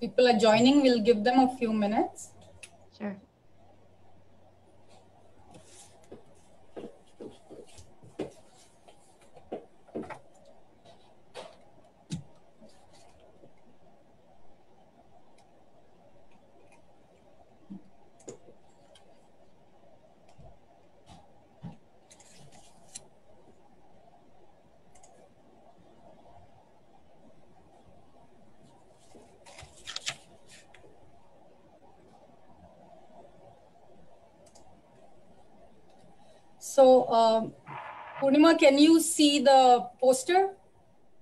people are joining, we'll give them a few minutes. Sure. can you see the poster?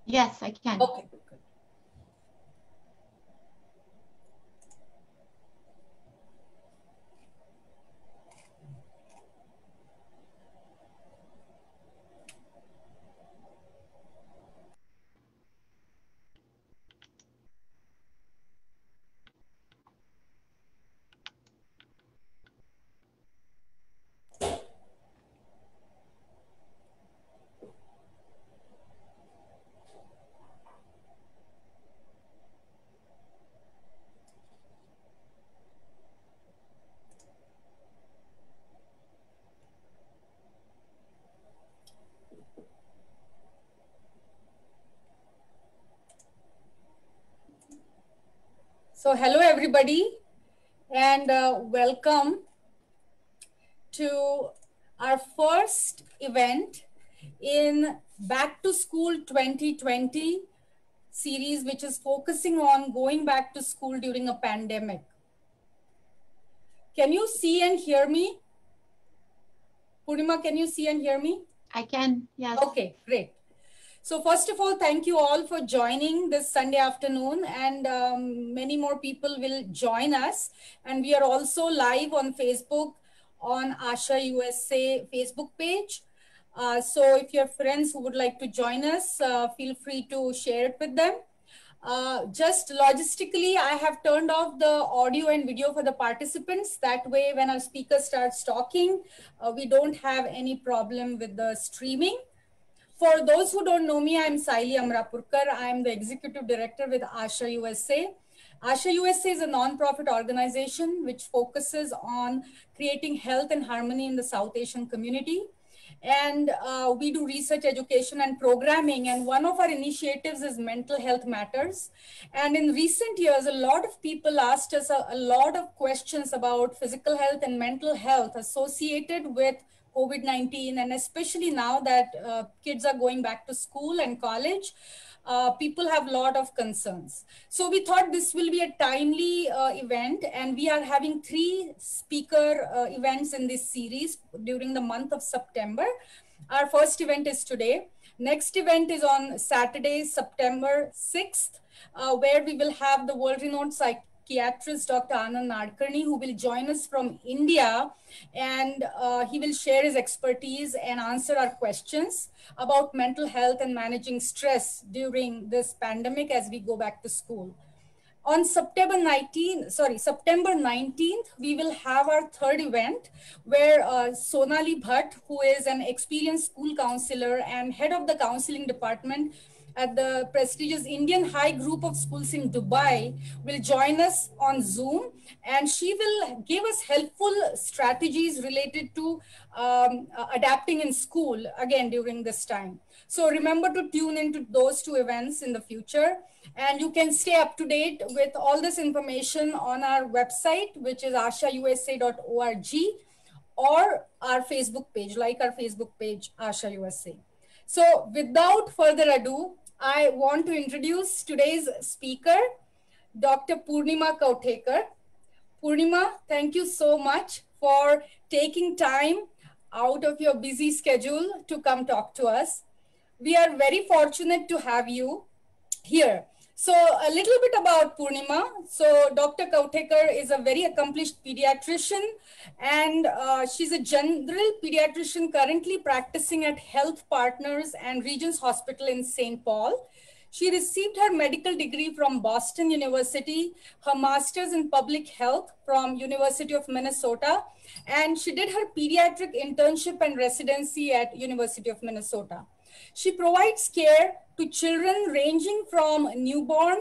Yes, I can. Okay. everybody, and uh, welcome to our first event in Back to School 2020 series, which is focusing on going back to school during a pandemic. Can you see and hear me? Purima? can you see and hear me? I can, yes. Okay, great. So first of all, thank you all for joining this Sunday afternoon and um, many more people will join us. And we are also live on Facebook on Asha USA Facebook page. Uh, so if you have friends who would like to join us, uh, feel free to share it with them. Uh, just logistically, I have turned off the audio and video for the participants. That way, when our speaker starts talking, uh, we don't have any problem with the streaming. For those who don't know me, I'm Saili Amrapurkar. I'm the executive director with Asha USA. Asha USA is a nonprofit organization which focuses on creating health and harmony in the South Asian community. And uh, we do research, education, and programming. And one of our initiatives is mental health matters. And in recent years, a lot of people asked us a, a lot of questions about physical health and mental health associated with COVID 19, and especially now that uh, kids are going back to school and college. Uh, people have a lot of concerns. So we thought this will be a timely uh, event, and we are having three speaker uh, events in this series during the month of September. Our first event is today. Next event is on Saturday, September 6th, uh, where we will have the world renowned psych psychiatrist Dr. Anand Nadkarni, who will join us from India. And uh, he will share his expertise and answer our questions about mental health and managing stress during this pandemic as we go back to school. On September 19th, sorry, September 19th, we will have our third event where uh, Sonali Bhatt, who is an experienced school counselor and head of the counseling department, at the prestigious Indian High Group of Schools in Dubai will join us on Zoom and she will give us helpful strategies related to um, uh, adapting in school again during this time. So remember to tune into those two events in the future. And you can stay up to date with all this information on our website, which is ashausa.org or our Facebook page, like our Facebook page, Asha USA. So without further ado, I want to introduce today's speaker, Dr. Purnima Kautekar. Purnima, thank you so much for taking time out of your busy schedule to come talk to us. We are very fortunate to have you here so a little bit about Purnima. So Dr. Kautekar is a very accomplished pediatrician and uh, she's a general pediatrician currently practicing at Health Partners and Regents Hospital in St. Paul. She received her medical degree from Boston University, her master's in public health from University of Minnesota, and she did her pediatric internship and residency at University of Minnesota. She provides care to children ranging from newborn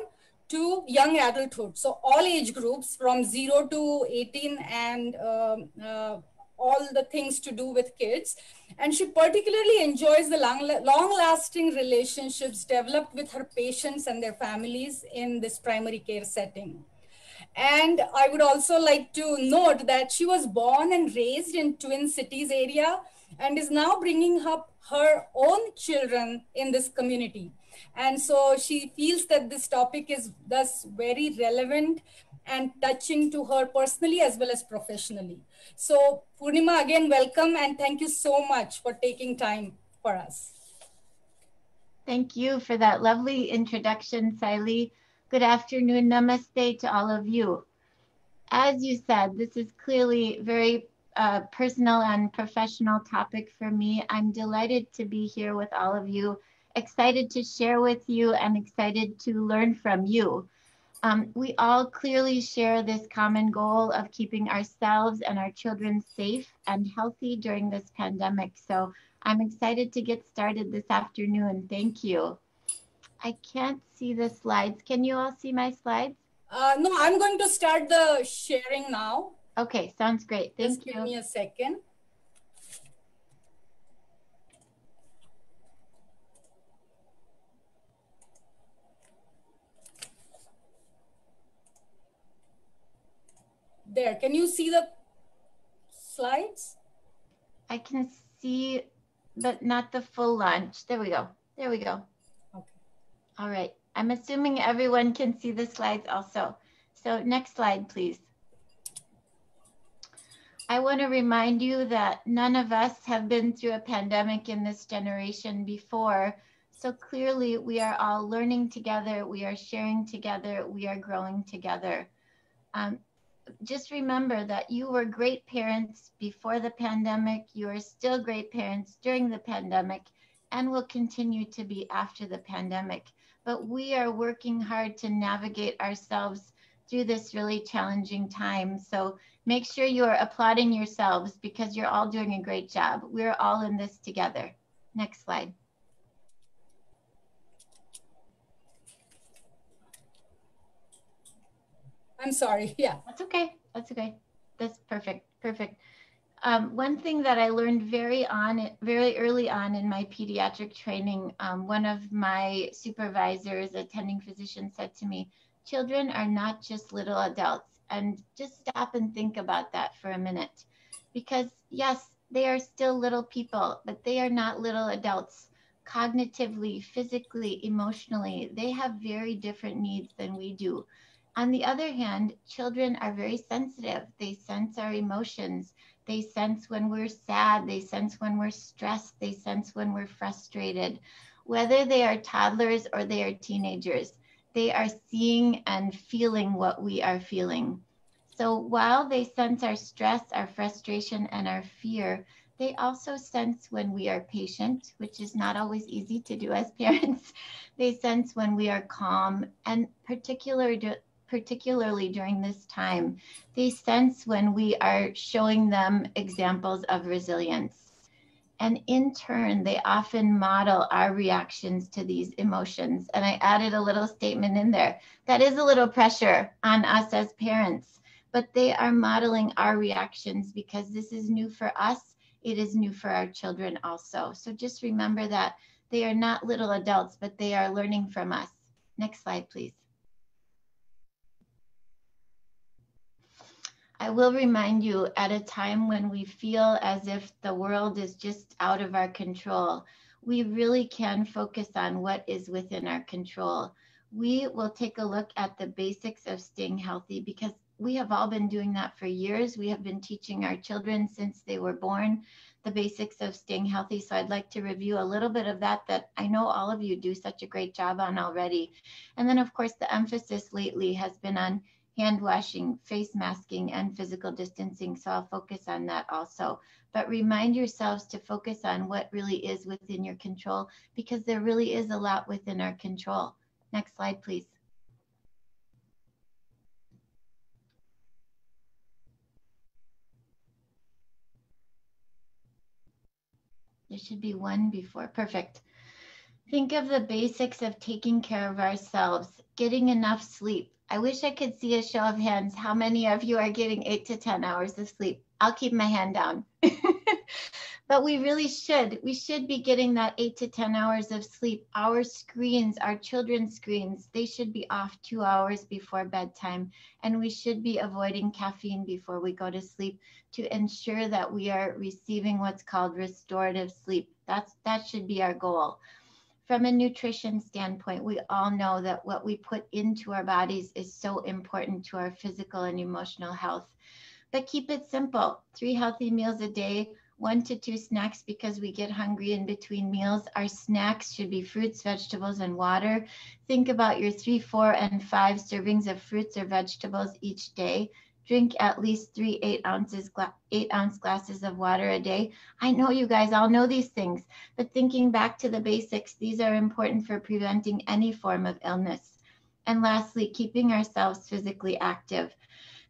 to young adulthood. So all age groups from 0 to 18 and um, uh, all the things to do with kids. And she particularly enjoys the long, long lasting relationships developed with her patients and their families in this primary care setting. And I would also like to note that she was born and raised in Twin Cities area and is now bringing up her own children in this community. And so she feels that this topic is thus very relevant and touching to her personally as well as professionally. So Purnima, again, welcome and thank you so much for taking time for us. Thank you for that lovely introduction, Saili. Good afternoon, namaste to all of you. As you said, this is clearly very a personal and professional topic for me. I'm delighted to be here with all of you, excited to share with you, and excited to learn from you. Um, we all clearly share this common goal of keeping ourselves and our children safe and healthy during this pandemic. So I'm excited to get started this afternoon. Thank you. I can't see the slides. Can you all see my slides? Uh, no, I'm going to start the sharing now. Okay, sounds great. Thank Just you. give me a second. There, can you see the slides? I can see, but not the full launch. There we go. There we go. Okay. All right. I'm assuming everyone can see the slides also. So next slide, please. I want to remind you that none of us have been through a pandemic in this generation before. So clearly, we are all learning together, we are sharing together, we are growing together. Um, just remember that you were great parents before the pandemic, you are still great parents during the pandemic, and will continue to be after the pandemic. But we are working hard to navigate ourselves through this really challenging time. So Make sure you are applauding yourselves because you're all doing a great job. We're all in this together. Next slide. I'm sorry. Yeah. That's okay. That's okay. That's perfect. Perfect. Um, one thing that I learned very on, very early on in my pediatric training, um, one of my supervisors, attending physician, said to me, "Children are not just little adults and just stop and think about that for a minute. Because, yes, they are still little people, but they are not little adults cognitively, physically, emotionally. They have very different needs than we do. On the other hand, children are very sensitive. They sense our emotions. They sense when we're sad. They sense when we're stressed. They sense when we're frustrated, whether they are toddlers or they are teenagers they are seeing and feeling what we are feeling. So while they sense our stress, our frustration, and our fear, they also sense when we are patient, which is not always easy to do as parents. they sense when we are calm, and particular, particularly during this time, they sense when we are showing them examples of resilience. And in turn, they often model our reactions to these emotions. And I added a little statement in there that is a little pressure on us as parents, but they are modeling our reactions because this is new for us. It is new for our children also. So just remember that they are not little adults, but they are learning from us. Next slide, please. I will remind you at a time when we feel as if the world is just out of our control, we really can focus on what is within our control. We will take a look at the basics of staying healthy because we have all been doing that for years. We have been teaching our children since they were born the basics of staying healthy. So I'd like to review a little bit of that that I know all of you do such a great job on already. And then, of course, the emphasis lately has been on hand washing, face masking, and physical distancing. So I'll focus on that also. But remind yourselves to focus on what really is within your control because there really is a lot within our control. Next slide, please. There should be one before. Perfect. Think of the basics of taking care of ourselves, getting enough sleep, I wish I could see a show of hands. How many of you are getting eight to 10 hours of sleep? I'll keep my hand down. but we really should. We should be getting that eight to 10 hours of sleep. Our screens, our children's screens, they should be off two hours before bedtime. And we should be avoiding caffeine before we go to sleep to ensure that we are receiving what's called restorative sleep. That's, that should be our goal from a nutrition standpoint, we all know that what we put into our bodies is so important to our physical and emotional health. But keep it simple three healthy meals a day, one to two snacks because we get hungry in between meals. Our snacks should be fruits, vegetables, and water. Think about your three, four, and five servings of fruits or vegetables each day drink at least three eight ounces eight ounce glasses of water a day i know you guys all know these things but thinking back to the basics these are important for preventing any form of illness and lastly keeping ourselves physically active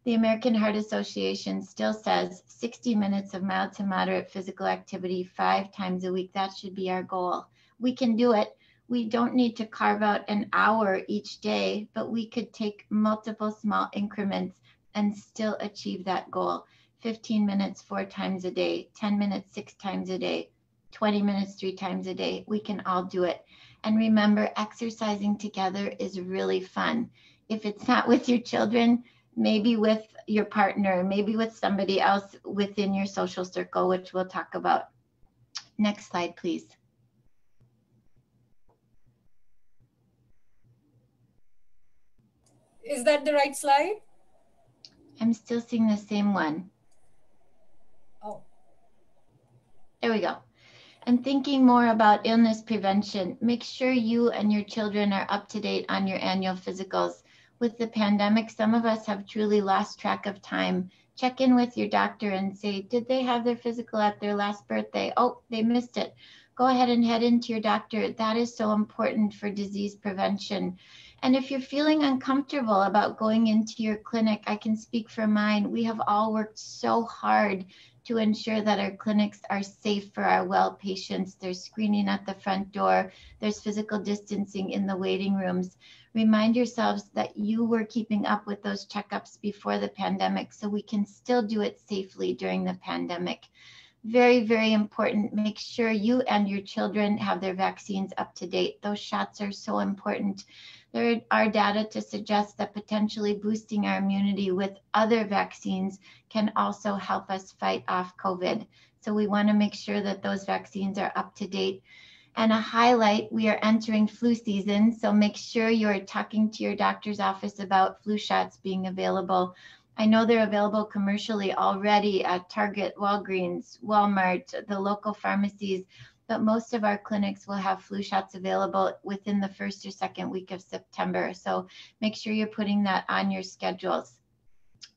the American Heart Association still says 60 minutes of mild to moderate physical activity five times a week. That should be our goal. We can do it. We don't need to carve out an hour each day, but we could take multiple small increments and still achieve that goal 15 minutes four times a day, 10 minutes six times a day, 20 minutes three times a day. We can all do it. And remember, exercising together is really fun. If it's not with your children, maybe with your partner, maybe with somebody else within your social circle, which we'll talk about. Next slide, please. Is that the right slide? I'm still seeing the same one. Oh. There we go. And thinking more about illness prevention, make sure you and your children are up to date on your annual physicals. With the pandemic, some of us have truly lost track of time. Check in with your doctor and say, Did they have their physical at their last birthday? Oh, they missed it. Go ahead and head into your doctor. That is so important for disease prevention and if you're feeling uncomfortable about going into your clinic, I can speak for mine. We have all worked so hard to ensure that our clinics are safe for our well patients. There's screening at the front door, there's physical distancing in the waiting rooms. Remind yourselves that you were keeping up with those checkups before the pandemic, so we can still do it safely during the pandemic. Very, very important. Make sure you and your children have their vaccines up to date. Those shots are so important there are data to suggest that potentially boosting our immunity with other vaccines can also help us fight off COVID. So we want to make sure that those vaccines are up to date. And a highlight we are entering flu season, so make sure you're talking to your doctor's office about flu shots being available. I know they're available commercially already at Target, Walgreens, Walmart, the local pharmacies but most of our clinics will have flu shots available within the first or second week of September. So make sure you're putting that on your schedules.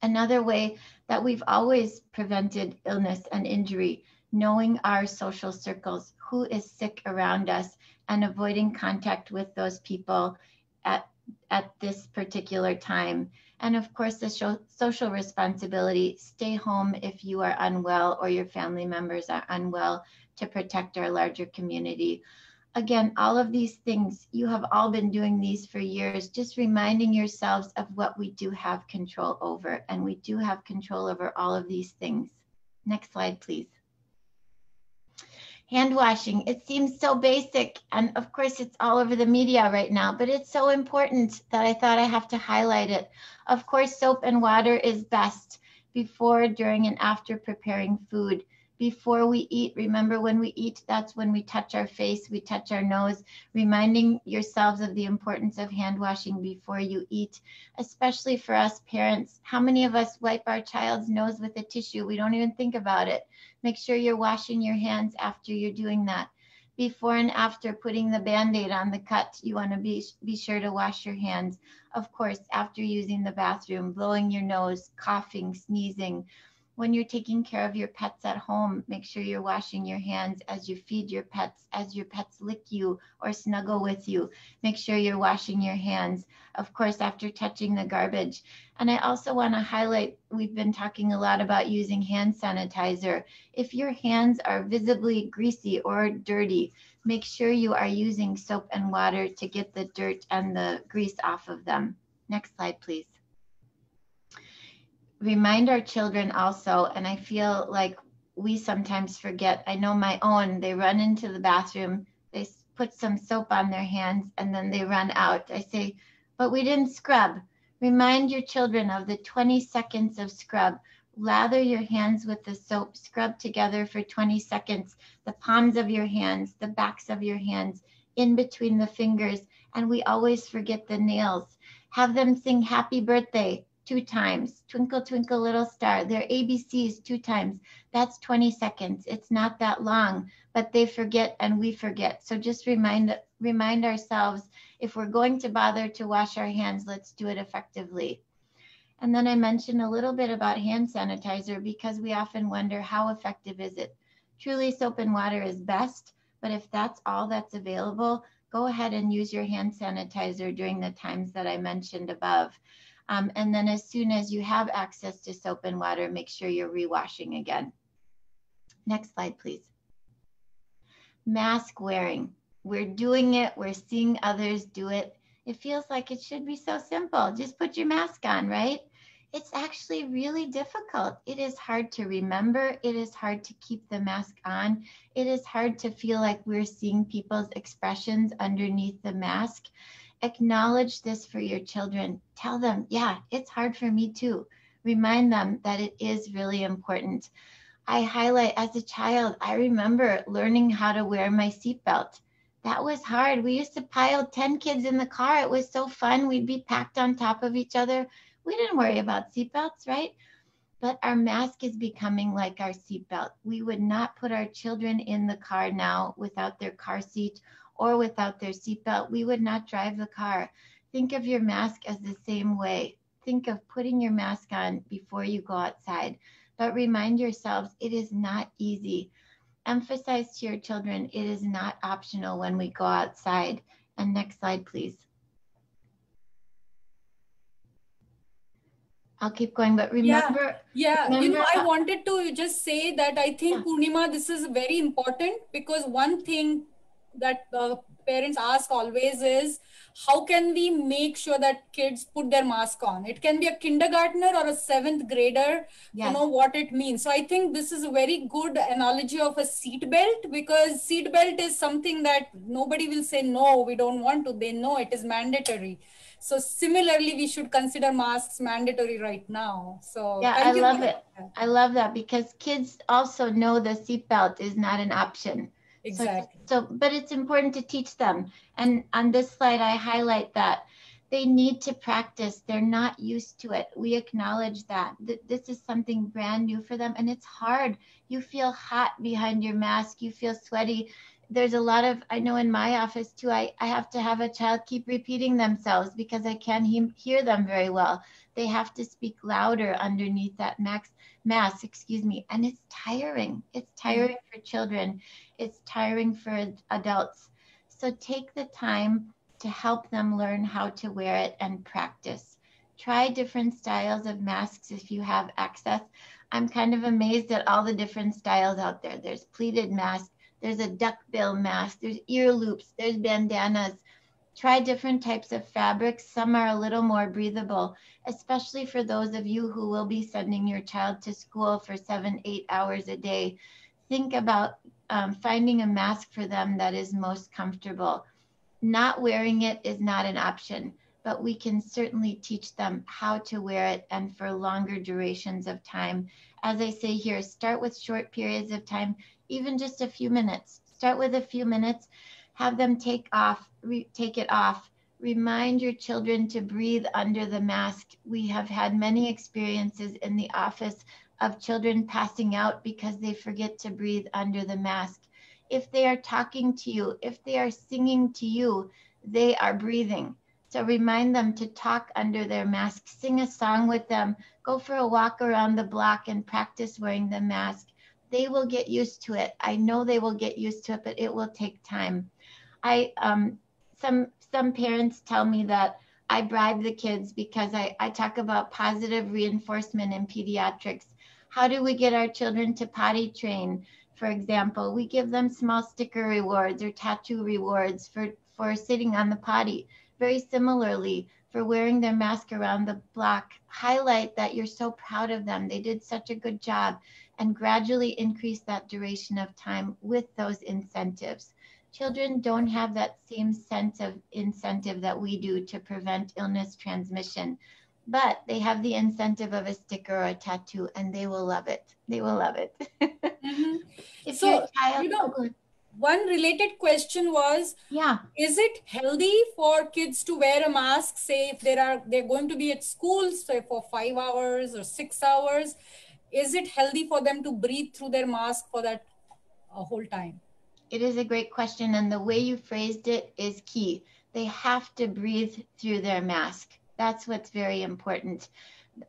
Another way that we've always prevented illness and injury, knowing our social circles, who is sick around us, and avoiding contact with those people at, at this particular time. And of course, the social responsibility stay home if you are unwell or your family members are unwell to protect our larger community. Again, all of these things, you have all been doing these for years, just reminding yourselves of what we do have control over. And we do have control over all of these things. Next slide, please. Hand washing, it seems so basic. And of course, it's all over the media right now, but it's so important that I thought I have to highlight it. Of course, soap and water is best before, during, and after preparing food before we eat. Remember, when we eat, that's when we touch our face, we touch our nose, reminding yourselves of the importance of hand washing before you eat, especially for us parents. How many of us wipe our child's nose with a tissue? We don't even think about it. Make sure you're washing your hands after you're doing that before and after putting the band-aid on the cut you want to be be sure to wash your hands of course after using the bathroom blowing your nose coughing sneezing when you're taking care of your pets at home, make sure you're washing your hands as you feed your pets, as your pets lick you or snuggle with you. Make sure you're washing your hands, of course, after touching the garbage. And I also want to highlight we've been talking a lot about using hand sanitizer. If your hands are visibly greasy or dirty, make sure you are using soap and water to get the dirt and the grease off of them. Next slide, please remind our children also, and I feel like we sometimes forget. I know my own, they run into the bathroom, they put some soap on their hands, and then they run out. I say, but we didn't scrub. Remind your children of the 20 seconds of scrub. Lather your hands with the soap, scrub together for 20 seconds, the palms of your hands, the backs of your hands, in between the fingers, and we always forget the nails. Have them sing happy birthday two times. Twinkle, twinkle, little star. Their ABCs two times. That's 20 seconds. It's not that long, but they forget and we forget. So just remind remind ourselves if we're going to bother to wash our hands, let's do it effectively. And then I mentioned a little bit about hand sanitizer because we often wonder how effective is it? Truly soap and water is best, but if that's all that's available, go ahead and use your hand sanitizer during the times that I mentioned above. Um, and then as soon as you have access to soap and water, make sure you're rewashing again. Next slide, please. Mask wearing. We're doing it. We're seeing others do it. It feels like it should be so simple. Just put your mask on, right? It's actually really difficult. It is hard to remember. It is hard to keep the mask on. It is hard to feel like we're seeing people's expressions underneath the mask acknowledge this for your children. Tell them, yeah, it's hard for me too. Remind them that it is really important. I highlight as a child, I remember learning how to wear my seatbelt. That was hard. We used to pile 10 kids in the car. It was so fun. We'd be packed on top of each other. We didn't worry about seatbelts, right? But our mask is becoming like our seatbelt. We would not put our children in the car now without their car seat or without their seatbelt, we would not drive the car. Think of your mask as the same way. Think of putting your mask on before you go outside, but remind yourselves it is not easy. Emphasize to your children it is not optional when we go outside. And next slide, please. I'll keep going, but remember. Yeah, yeah. Remember you know, I uh, wanted to just say that I think, Purnima, this is very important because one thing that uh, parents ask always is how can we make sure that kids put their mask on it can be a kindergartner or a seventh grader yes. you know what it means so i think this is a very good analogy of a seat belt because seat belt is something that nobody will say no we don't want to they know it is mandatory so similarly we should consider masks mandatory right now so yeah i love it that. i love that because kids also know the seatbelt is not an option Exactly. So, so, but it's important to teach them. And on this slide, I highlight that they need to practice. They're not used to it. We acknowledge that. Th- this is something brand new for them, and it's hard. You feel hot behind your mask, you feel sweaty. There's a lot of, I know in my office too, I, I have to have a child keep repeating themselves because I can't he- hear them very well. They have to speak louder underneath that max mass, excuse me. And it's tiring. It's tiring mm-hmm. for children. It's tiring for adults. So take the time to help them learn how to wear it and practice. Try different styles of masks if you have access. I'm kind of amazed at all the different styles out there. There's pleated mask, there's a duckbill mask, there's ear loops, there's bandanas, Try different types of fabrics. Some are a little more breathable, especially for those of you who will be sending your child to school for seven, eight hours a day. Think about um, finding a mask for them that is most comfortable. Not wearing it is not an option, but we can certainly teach them how to wear it and for longer durations of time. As I say here, start with short periods of time, even just a few minutes. Start with a few minutes have them take off re- take it off remind your children to breathe under the mask we have had many experiences in the office of children passing out because they forget to breathe under the mask if they are talking to you if they are singing to you they are breathing so remind them to talk under their mask sing a song with them go for a walk around the block and practice wearing the mask they will get used to it i know they will get used to it but it will take time I um, some some parents tell me that I bribe the kids because I, I talk about positive reinforcement in pediatrics. How do we get our children to potty train? For example, we give them small sticker rewards or tattoo rewards for, for sitting on the potty. Very similarly, for wearing their mask around the block, highlight that you're so proud of them. They did such a good job and gradually increase that duration of time with those incentives children don't have that same sense of incentive that we do to prevent illness transmission, but they have the incentive of a sticker or a tattoo and they will love it. They will love it. mm-hmm. if so, your child, you know, oh, one related question was yeah is it healthy for kids to wear a mask say if they are they're going to be at school say for 5 hours or 6 hours is it healthy for them to breathe through their mask for that uh, whole time it is a great question. And the way you phrased it is key. They have to breathe through their mask. That's what's very important.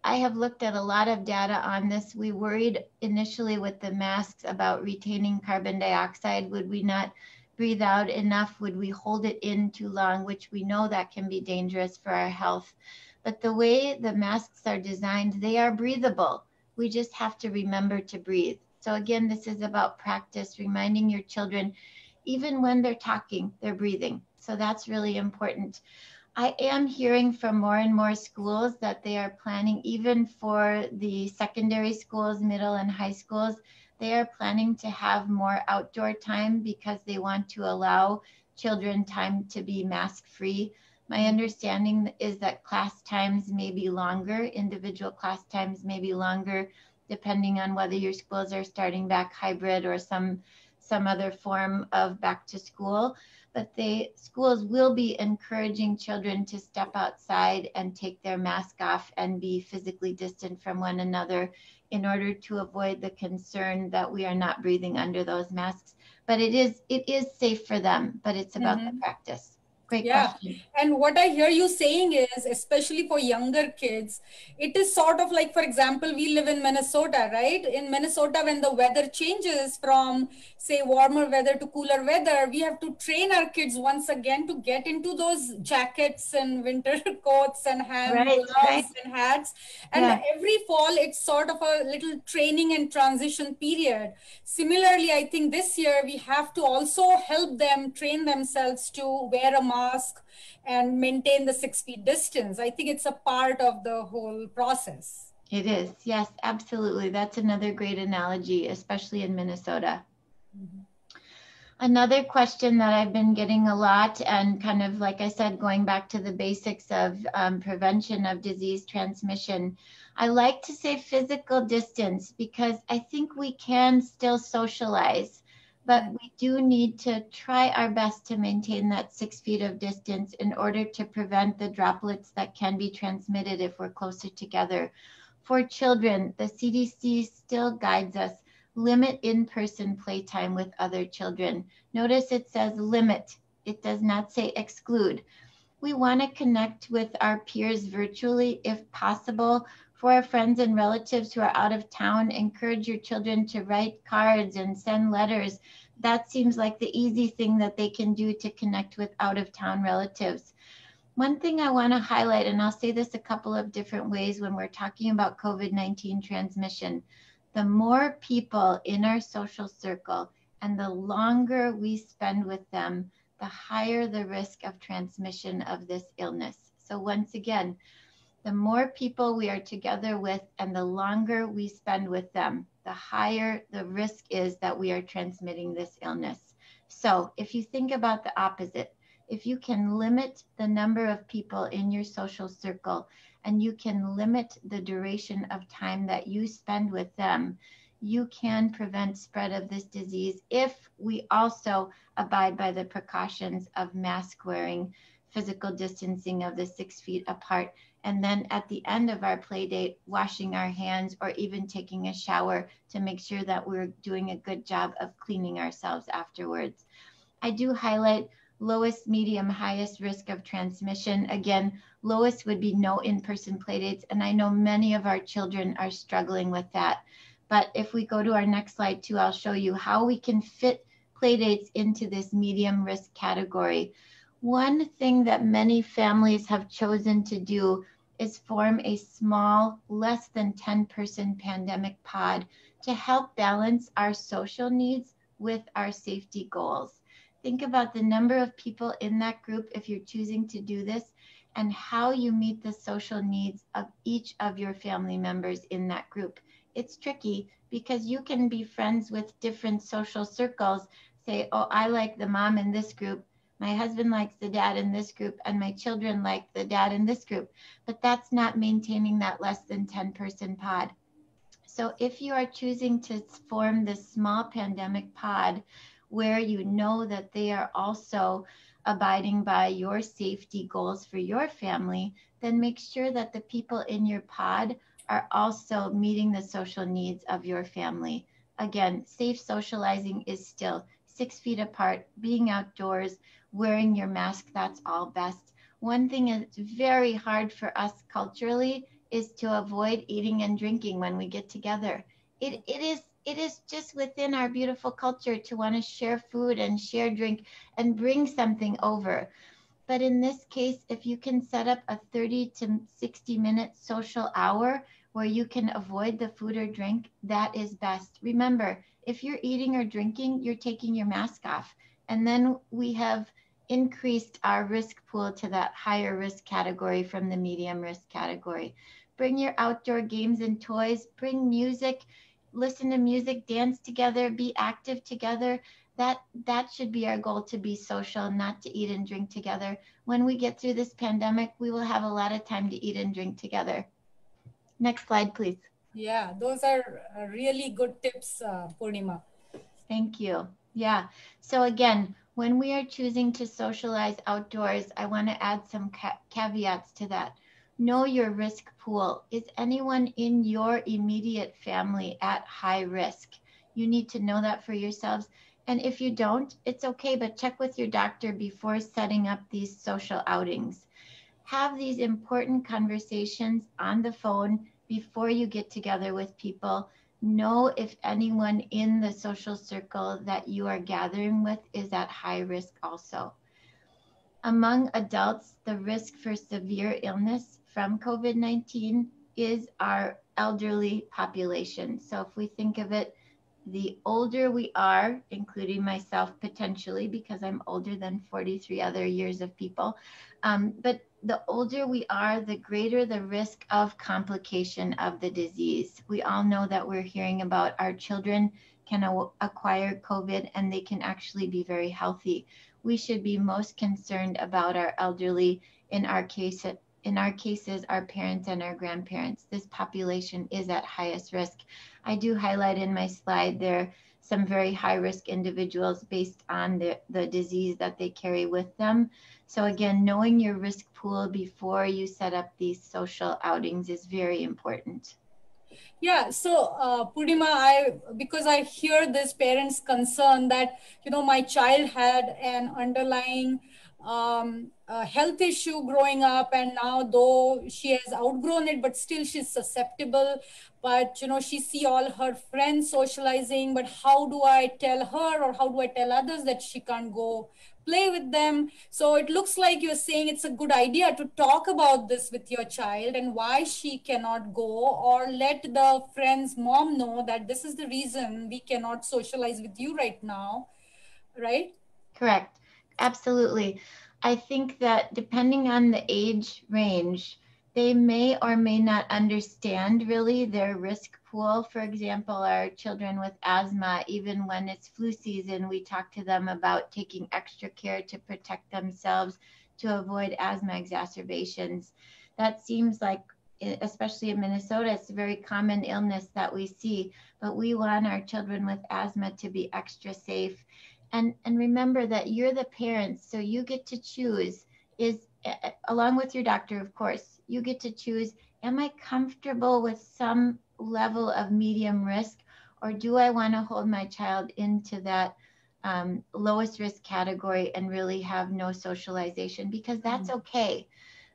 I have looked at a lot of data on this. We worried initially with the masks about retaining carbon dioxide. Would we not breathe out enough? Would we hold it in too long, which we know that can be dangerous for our health? But the way the masks are designed, they are breathable. We just have to remember to breathe. So, again, this is about practice, reminding your children, even when they're talking, they're breathing. So, that's really important. I am hearing from more and more schools that they are planning, even for the secondary schools, middle and high schools, they are planning to have more outdoor time because they want to allow children time to be mask free. My understanding is that class times may be longer, individual class times may be longer depending on whether your schools are starting back hybrid or some some other form of back to school but the schools will be encouraging children to step outside and take their mask off and be physically distant from one another in order to avoid the concern that we are not breathing under those masks but it is it is safe for them but it's about mm-hmm. the practice great yeah. Question. And what I hear you saying is, especially for younger kids, it is sort of like, for example, we live in Minnesota, right? In Minnesota, when the weather changes from, say, warmer weather to cooler weather, we have to train our kids once again to get into those jackets and winter coats and hams right, right. and hats. And yeah. every fall, it's sort of a little training and transition period. Similarly, I think this year we have to also help them train themselves to wear a mask mask and maintain the six feet distance. I think it's a part of the whole process. It is. Yes, absolutely. That's another great analogy, especially in Minnesota. Mm-hmm. Another question that I've been getting a lot, and kind of like I said, going back to the basics of um, prevention of disease transmission, I like to say physical distance because I think we can still socialize but we do need to try our best to maintain that six feet of distance in order to prevent the droplets that can be transmitted if we're closer together. For children, the CDC still guides us limit in person playtime with other children. Notice it says limit, it does not say exclude. We want to connect with our peers virtually if possible for friends and relatives who are out of town, encourage your children to write cards and send letters. That seems like the easy thing that they can do to connect with out of town relatives. One thing I want to highlight, and I'll say this a couple of different ways when we're talking about COVID 19 transmission, the more people in our social circle and the longer we spend with them, the higher the risk of transmission of this illness. So, once again, the more people we are together with and the longer we spend with them, the higher the risk is that we are transmitting this illness. So, if you think about the opposite, if you can limit the number of people in your social circle and you can limit the duration of time that you spend with them, you can prevent spread of this disease if we also abide by the precautions of mask wearing, physical distancing of the six feet apart, and then at the end of our play date, washing our hands or even taking a shower to make sure that we're doing a good job of cleaning ourselves afterwards. I do highlight lowest, medium, highest risk of transmission. Again, lowest would be no in person play dates, and I know many of our children are struggling with that. But if we go to our next slide, too, I'll show you how we can fit play dates into this medium risk category. One thing that many families have chosen to do is form a small, less than 10 person pandemic pod to help balance our social needs with our safety goals. Think about the number of people in that group if you're choosing to do this and how you meet the social needs of each of your family members in that group. It's tricky because you can be friends with different social circles. Say, oh, I like the mom in this group, my husband likes the dad in this group and my children like the dad in this group but that's not maintaining that less than 10 person pod so if you are choosing to form this small pandemic pod where you know that they are also abiding by your safety goals for your family then make sure that the people in your pod are also meeting the social needs of your family again safe socializing is still six feet apart being outdoors wearing your mask, that's all best. One thing that's very hard for us culturally is to avoid eating and drinking when we get together. It, it is it is just within our beautiful culture to want to share food and share drink and bring something over. But in this case, if you can set up a 30 to 60 minute social hour where you can avoid the food or drink, that is best. Remember, if you're eating or drinking, you're taking your mask off. And then we have increased our risk pool to that higher risk category from the medium risk category. Bring your outdoor games and toys, bring music, listen to music, dance together, be active together. That, that should be our goal to be social, not to eat and drink together. When we get through this pandemic, we will have a lot of time to eat and drink together. Next slide, please. Yeah, those are uh, really good tips, uh, Purnima. Thank you. Yeah. So again, when we are choosing to socialize outdoors, I want to add some ca caveats to that. Know your risk pool. Is anyone in your immediate family at high risk? You need to know that for yourselves. And if you don't, it's okay, but check with your doctor before setting up these social outings. Have these important conversations on the phone before you get together with people know if anyone in the social circle that you are gathering with is at high risk also. Among adults, the risk for severe illness from COVID 19 is our elderly population. So if we think of it the older we are, including myself potentially, because I'm older than 43 other years of people, um, but the older we are, the greater the risk of complication of the disease. We all know that we're hearing about our children can acquire COVID and they can actually be very healthy. We should be most concerned about our elderly, in our case, in our cases, our parents and our grandparents. This population is at highest risk. I do highlight in my slide there some very high risk individuals based on the, the disease that they carry with them. So, again, knowing your risk pool before you set up these social outings is very important. Yeah, so uh, I because I hear this parents' concern that you know my child had an underlying um, a health issue growing up and now though she has outgrown it but still she's susceptible but you know she see all her friends socializing but how do i tell her or how do i tell others that she can't go play with them so it looks like you're saying it's a good idea to talk about this with your child and why she cannot go or let the friend's mom know that this is the reason we cannot socialize with you right now right correct absolutely. I think that depending on the age range, they may or may not understand really their risk pool. For example, our children with asthma, even when it's flu season, we talk to them about taking extra care to protect themselves to avoid asthma exacerbations. That seems like, especially in Minnesota, it's a very common illness that we see, but we want our children with asthma to be extra safe and and remember that you're the parents so you get to choose is along with your doctor of course you get to choose am i comfortable with some level of medium risk or do i want to hold my child into that um, lowest risk category and really have no socialization because that's mm-hmm. okay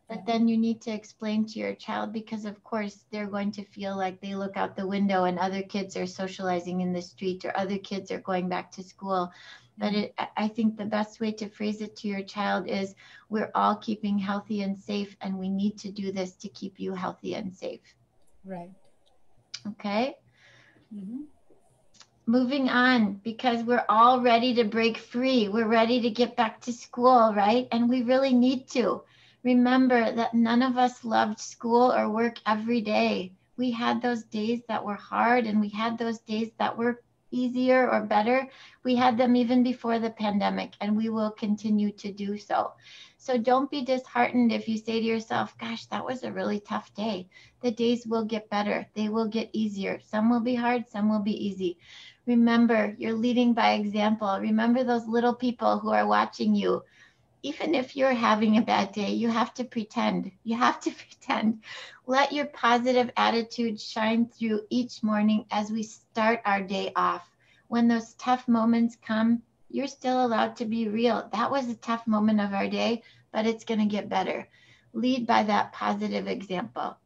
but then you need to explain to your child because of course they're going to feel like they look out the window and other kids are socializing in the street or other kids are going back to school but it, I think the best way to phrase it to your child is we're all keeping healthy and safe, and we need to do this to keep you healthy and safe. Right. Okay. Mm-hmm. Moving on, because we're all ready to break free. We're ready to get back to school, right? And we really need to. Remember that none of us loved school or work every day. We had those days that were hard and we had those days that were easier or better. We had them even before the pandemic, and we will continue to do so. So don't be disheartened if you say to yourself, Gosh, that was a really tough day. The days will get better, they will get easier. Some will be hard, some will be easy. Remember, you're leading by example. Remember those little people who are watching you even if you're having a bad day, you have to pretend. You have to pretend. Let your positive attitude shine through each morning as we start our day off. When those tough moments come, you're still allowed to be real. That was a tough moment of our day, but it's going to get better. Lead by that positive example.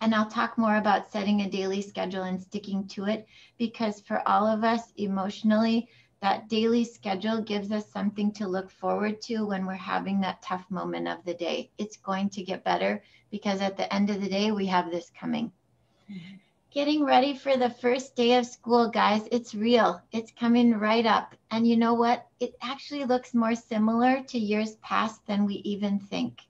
And I'll talk more about setting a daily schedule and sticking to it because for all of us emotionally, that daily schedule gives us something to look forward to when we're having that tough moment of the day. It's going to get better because at the end of the day, we have this coming. Mm-hmm. Getting ready for the first day of school, guys. It's real. It's coming right up. And you know what? It actually looks more similar to years past than we even think.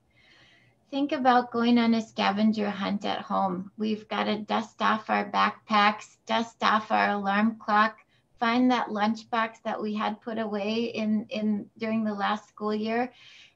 Think about going on a scavenger hunt at home. We've got to dust off our backpacks, dust off our alarm clock, find that lunchbox that we had put away in, in during the last school year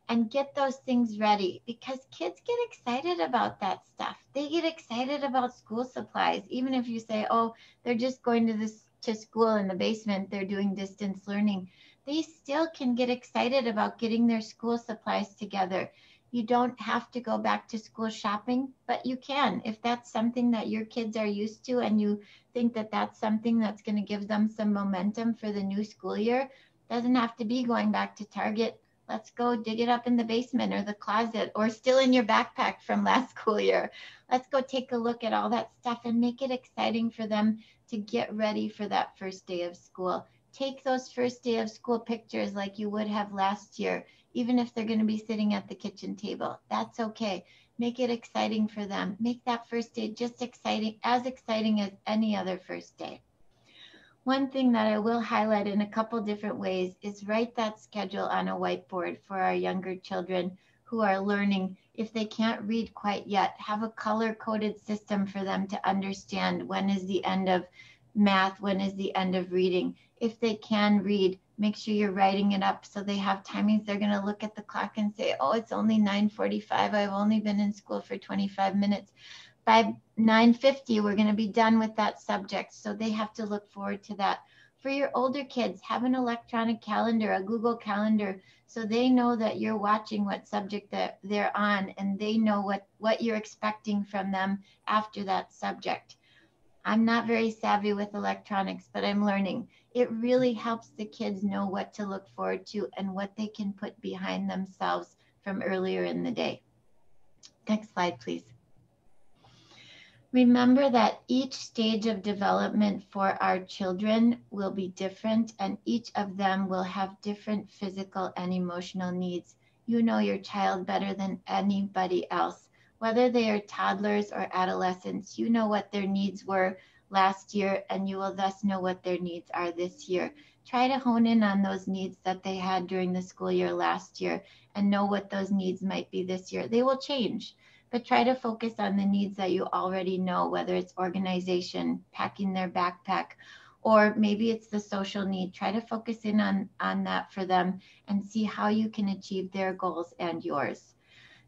and get those things ready because kids get excited about that stuff. They get excited about school supplies, even if you say, "Oh, they're just going to this to school in the basement. They're doing distance learning." They still can get excited about getting their school supplies together. You don't have to go back to school shopping, but you can if that's something that your kids are used to and you think that that's something that's going to give them some momentum for the new school year. Doesn't have to be going back to Target Let's go dig it up in the basement or the closet or still in your backpack from last school year. Let's go take a look at all that stuff and make it exciting for them to get ready for that first day of school. Take those first day of school pictures like you would have last year, even if they're going to be sitting at the kitchen table. That's okay. Make it exciting for them. Make that first day just exciting, as exciting as any other first day. One thing that I will highlight in a couple different ways is write that schedule on a whiteboard for our younger children who are learning. If they can't read quite yet, have a color coded system for them to understand when is the end of math, when is the end of reading. If they can read, make sure you're writing it up so they have timings they're going to look at the clock and say oh it's only 9:45 i've only been in school for 25 minutes by 9.50, we're going to be done with that subject. So they have to look forward to that. For your older kids, have an electronic calendar, a Google Calendar, so they know that you're watching what subject that they're on and they know what, what you're expecting from them after that subject. I'm not very savvy with electronics, but I'm learning. It really helps the kids know what to look forward to and what they can put behind themselves from earlier in the day. Next slide, please. Remember that each stage of development for our children will be different, and each of them will have different physical and emotional needs. You know your child better than anybody else. Whether they are toddlers or adolescents, you know what their needs were last year, and you will thus know what their needs are this year. Try to hone in on those needs that they had during the school year last year and know what those needs might be this year. They will change but try to focus on the needs that you already know, whether it's organization, packing their backpack, or maybe it's the social need. Try to focus in on, on that for them and see how you can achieve their goals and yours.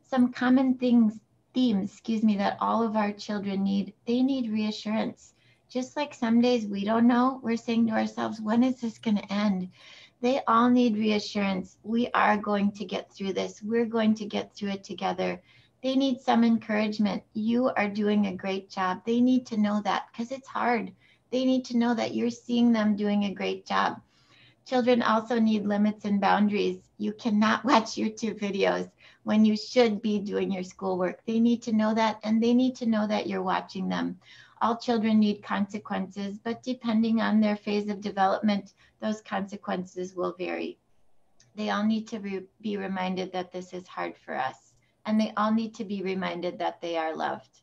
Some common things, themes, excuse me, that all of our children need, they need reassurance. Just like some days we don't know, we're saying to ourselves, when is this going to end? They all need reassurance. We are going to get through this. We're going to get through it together they need some encouragement. You are doing a great job. They need to know that because it's hard. They need to know that you're seeing them doing a great job. Children also need limits and boundaries. You cannot watch YouTube videos when you should be doing your schoolwork. They need to know that, and they need to know that you're watching them. All children need consequences, but depending on their phase of development, those consequences will vary. They all need to re- be reminded that this is hard for us and they all need to be reminded that they are loved.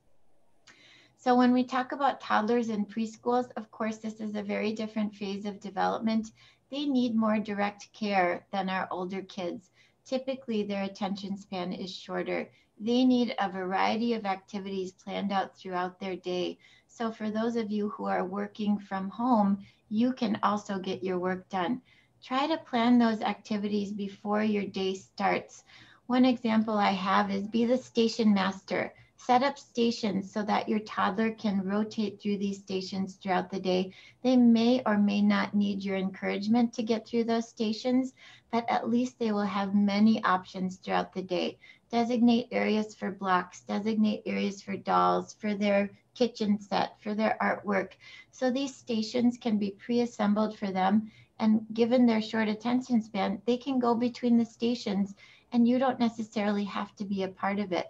So, when we talk about toddlers and preschools, of course, this is a very different phase of development. They need more direct care than our older kids. Typically, their attention span is shorter. They need a variety of activities planned out throughout their day. So, for those of you who are working from home, you can also get your work done. Try to plan those activities before your day starts one example I have is be the station master. Set up stations so that your toddler can rotate through these stations throughout the day. They may or may not need your encouragement to get through those stations, but at least they will have many options throughout the day. Designate areas for blocks, designate areas for dolls, for their kitchen set, for their artwork. So these stations can be pre assembled for them. And given their short attention span, they can go between the stations and you don't necessarily have to be a part of it.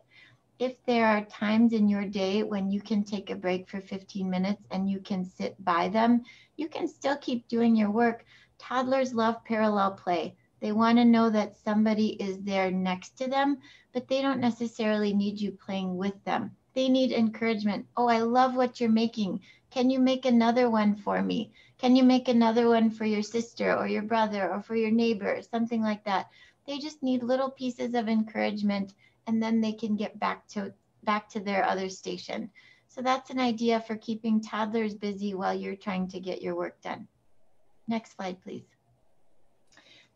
If there are times in your day when you can take a break for 15 minutes and you can sit by them, you can still keep doing your work. Toddlers love parallel play. They want to know that somebody is there next to them, but they don't necessarily need you playing with them. They need encouragement. Oh, I love what you're making. Can you make another one for me? Can you make another one for your sister or your brother or for your neighbor? Something like that. They just need little pieces of encouragement and then they can get back to back to their other station. So that's an idea for keeping toddlers busy while you're trying to get your work done. Next slide, please.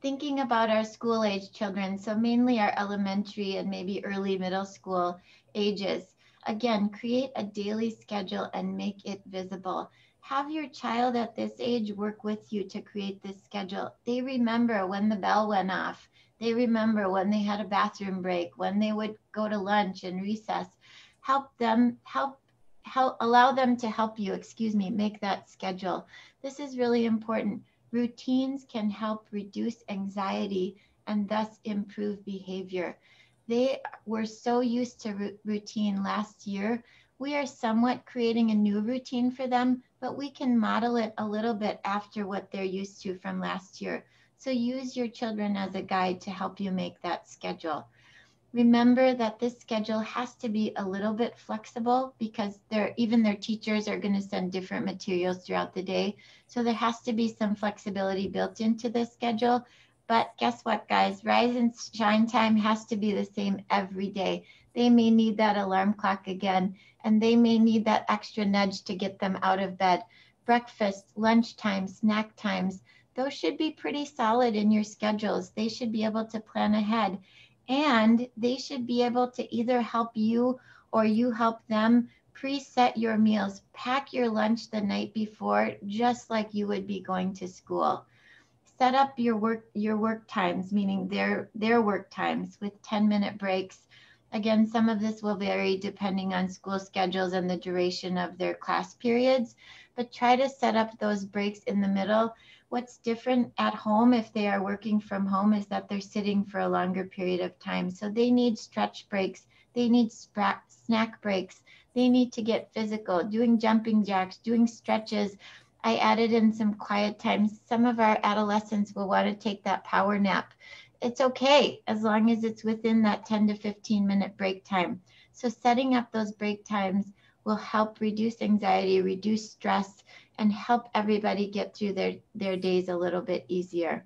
Thinking about our school age children, so mainly our elementary and maybe early middle school ages. Again, create a daily schedule and make it visible. Have your child at this age work with you to create this schedule. They remember when the bell went off they remember when they had a bathroom break, when they would go to lunch and recess. Help them, help, help, allow them to help you, excuse me, make that schedule. This is really important. Routines can help reduce anxiety and thus improve behavior. They were so used to routine last year. We are somewhat creating a new routine for them, but we can model it a little bit after what they're used to from last year. So use your children as a guide to help you make that schedule. Remember that this schedule has to be a little bit flexible because they even their teachers are going to send different materials throughout the day. So there has to be some flexibility built into the schedule. But guess what, guys? Rise and shine time has to be the same every day. They may need that alarm clock again, and they may need that extra nudge to get them out of bed. Breakfast, lunchtime, snack times, those should be pretty solid in your schedules. They should be able to plan ahead and they should be able to either help you or you help them preset your meals, pack your lunch the night before, just like you would be going to school. Set up your work your work times, meaning their their work times with 10 minute breaks. Again, some of this will vary depending on school schedules and the duration of their class periods, but try to set up those breaks in the middle what's different at home if they are working from home is that they're sitting for a longer period of time. So they need stretch breaks, they need spra- snack breaks, they need to get physical, doing jumping jacks, doing stretches. I added in some quiet times. Some of our adolescents will want to take that power nap. It's okay as long as it's within that 10 to 15 minute break time. So, setting up those break times will help reduce anxiety, reduce stress, and help everybody get through their, their days a little bit easier.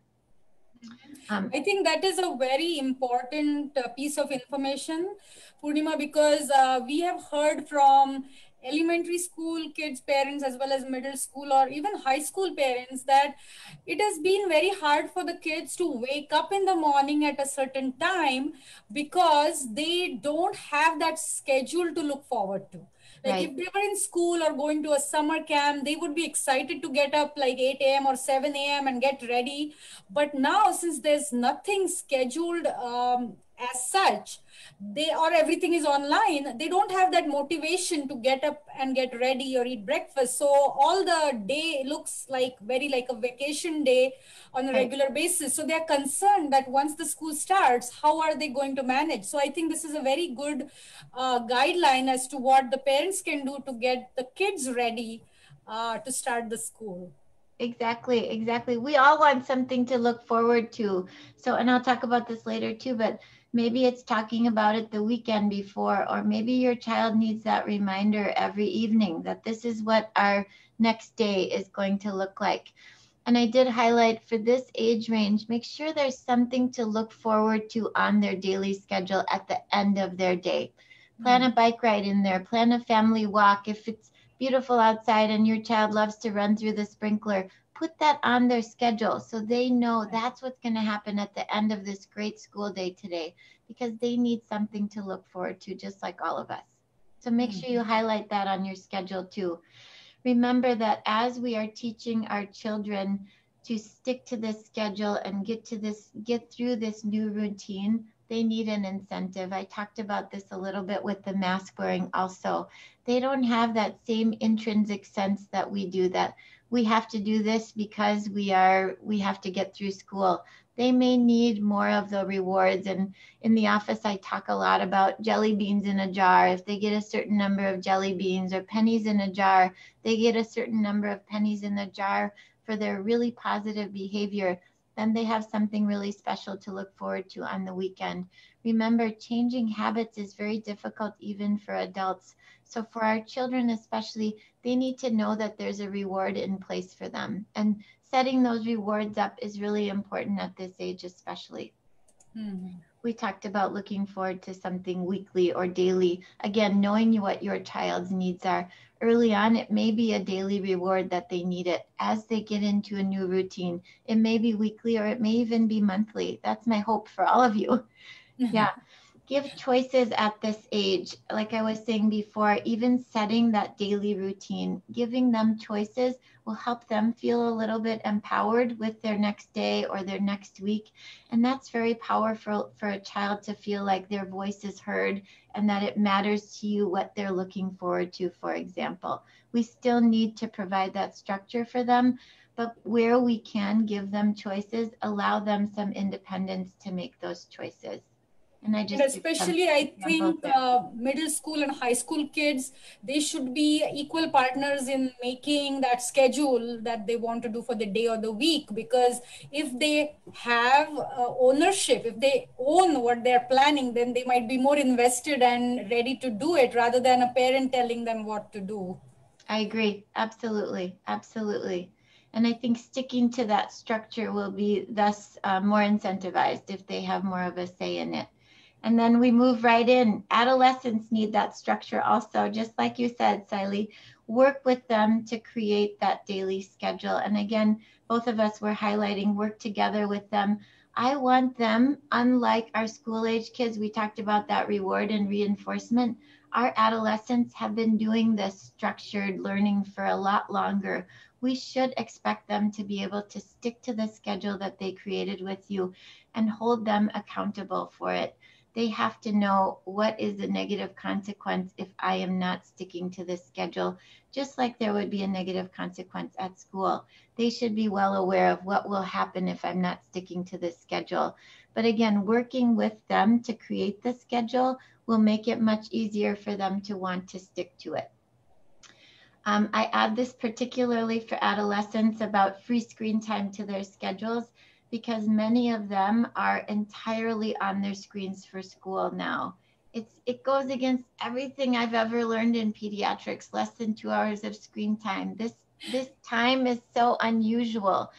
Um, I think that is a very important uh, piece of information, Purnima, because uh, we have heard from elementary school kids parents as well as middle school or even high school parents that it has been very hard for the kids to wake up in the morning at a certain time because they don't have that schedule to look forward to like right. if they were in school or going to a summer camp, they would be excited to get up like 8 a.m. or 7 a.m. and get ready. But now, since there's nothing scheduled um, as such they or everything is online they don't have that motivation to get up and get ready or eat breakfast so all the day looks like very like a vacation day on a right. regular basis so they're concerned that once the school starts how are they going to manage so i think this is a very good uh, guideline as to what the parents can do to get the kids ready uh, to start the school exactly exactly we all want something to look forward to so and i'll talk about this later too but maybe it's talking about it the weekend before, or maybe your child needs that reminder every evening that this is what our next day is going to look like. And I did highlight for this age range, make sure there's something to look forward to on their daily schedule at the end of their day. Plan a bike ride in there, plan a family walk. If it's beautiful outside and your child loves to run through the sprinkler, put that on their schedule so they know that's what's going to happen at the end of this great school day today because they need something to look forward to, just like all of us. So make mm-hmm. sure you mm-hmm. highlight that on your schedule too. Remember that as we are teaching our children to stick to this schedule and get to this get through this new routine, they need an incentive. I talked about this a little bit with the mask wearing also. They don't have that same intrinsic sense that we do that we have to do this because we are we have to get through school they may need more of the rewards and in the office i talk a lot about jelly beans in a jar if they get a certain number of jelly beans or pennies in a jar they get a certain number of pennies in the jar for their really positive behavior then they have something really special to look forward to on the weekend remember changing habits is very difficult even for adults so for our children, especially, they need to know that there's a reward in place for them. And setting those rewards up is really important at this age, especially. Mm-hmm. We talked about looking forward to something weekly or daily. Again, knowing what your child's needs are early on, it may be a daily reward that they need it. As they get into a new routine, it may be weekly or it may even be monthly. That's my hope for all of you. Mm-hmm. Yeah give choices at this age. Like I was saying before, even setting that daily routine, giving them choices will help them feel a little bit empowered with their next day or their next week. And that's very powerful for a child to feel like their voice is heard and that it matters to you what they're looking forward to, for example. We still need to provide that structure for them. But where we can give them choices, allow them some independence to make those choices and i just and especially i think uh, middle school and high school kids they should be equal partners in making that schedule that they want to do for the day or the week because if they have uh, ownership if they own what they're planning then they might be more invested and ready to do it rather than a parent telling them what to do i agree absolutely absolutely and I think sticking to that structure will be thus uh, more incentivized if they have more of a say in it. And then we move right in. Adolescents need that structure also, just like you said, Siley. Work with them to create that daily schedule. And again, both of us were highlighting work together with them. I want them, unlike our school age kids, we talked about that reward and reinforcement. Our adolescents have been doing this structured learning for a lot longer. We should expect them to be able to stick to the schedule that they created with you and hold them accountable for it they have to know what is the negative consequence if I am not sticking to this schedule, just like there would be a negative consequence at school. They should be well aware of what will happen if I'm not sticking to this schedule. But again, working with them to create the schedule will make it much easier for them to want to stick to it. Um, I add this particularly for adolescents about free screen time to their schedules because many of them are entirely on their screens for school now. It's, it goes against everything I've ever learned in pediatrics, less than two hours of screen time. This, this time is so unusual.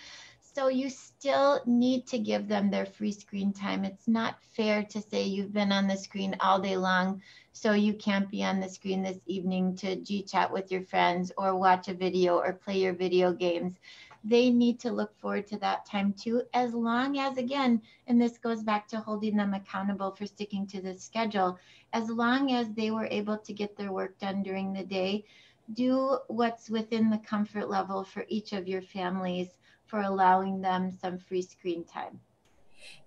So you still need to give them their free screen time. It's not fair to say you've been on the screen all day long, so you can't be on the screen this evening to G chat with your friends or watch a video or play your video games they need to look forward to that time too, as long as, again, and this goes back to holding them accountable for sticking to the schedule, as long as they were able to get their work done during the day, do what's within the comfort level for each of your families for allowing them some free screen time.